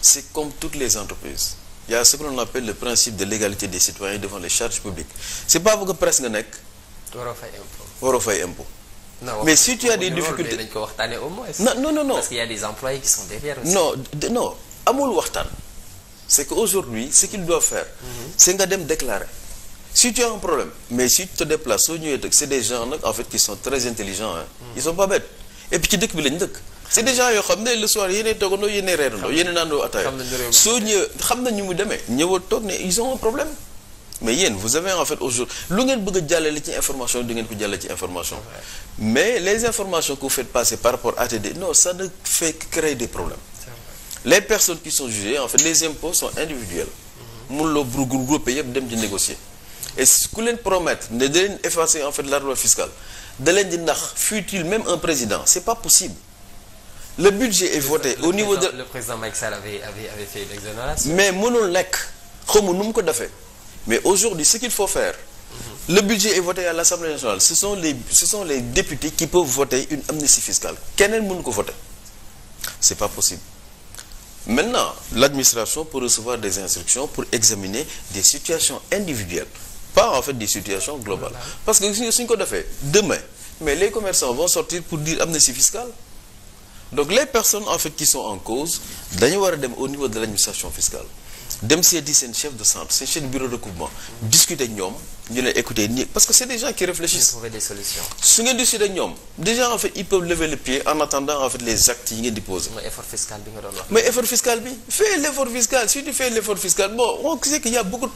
c'est comme toutes les entreprises il ce que l'on appelle le principe de l'égalité des citoyens devant les charges publiques c'est pas bëgg presse nga nekk waroo fay impôt mais si tu as des difficultés dañ ko waxtaanee amul waxtaan c'est que aujourd'hui ce qu'il doit faire c'est nga dem déclarer si tu as un problème mais si tu te déplaces soo ñëwee dëkk c'est des gens nag en fait qui sont très intelligents hein ils pas bêtes et ci dëkk bi lañ dëkk c'est des gens yoo xam ne le soir yéenay toogandoo yéenay reerandoo yéenay naandoo ataaya soo ñëwee xam na ñu mu demee ñëwoo toog ne ils ont un problème mais yéen vous avez en fait aujourd'hui lu ngeen bëgg a jàllale ci information du ngeen ko jàllale ci information mais les informations que vous faites par rapport à ATD non ça ne fait que créer des problèmes les personnes qui sont jugées en fait les impôts sont individuels mhm. mun loo regroupé yëpp dem di négocier et ku leen promettre ne da leen effacer en fait la loi fiscale da le budget est voté au le niveau de le président Macky Sall avait avait avait fait l'exonération mais mënul nekk nu mu ko defee mais aujourd'hui ce qu'il faut faire mm -hmm. le budget est voté à l'Assemblée nationale ce sont les ce sont les députés qui peuvent voter une amnistie fiscale keneen mënu ko voter c'est pas possible maintenant l'administration peut recevoir des instructions pour examiner des situations individuelles pas en fait des situations globales parce que suñu ko defee demain mais les commerçants vont sortir pour dire amnistie fiscale donc les personnes en fait qui sont en cause dañu war a dem au niveau de l'administration fiscale dem seeti seen chef de centre seen chef de bureau de recouvrement discuter ñoom ñu leen écouter nii parce que c'est des gens qui réfléchissent su ngeen discuter ak ñoom déjà en fait ils peuvent lever le pied en attendant en fait les actes yi ngeen di mais effort fiscal bi nga l'effort fiscal si tu fais l'effort fiscal bon on sait qu'il y a beaucoup